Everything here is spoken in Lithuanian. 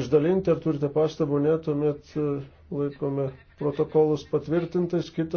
išdalinti, ar turite pastabų, ne, tuomet e, laikome protokolus patvirtintais. Kitas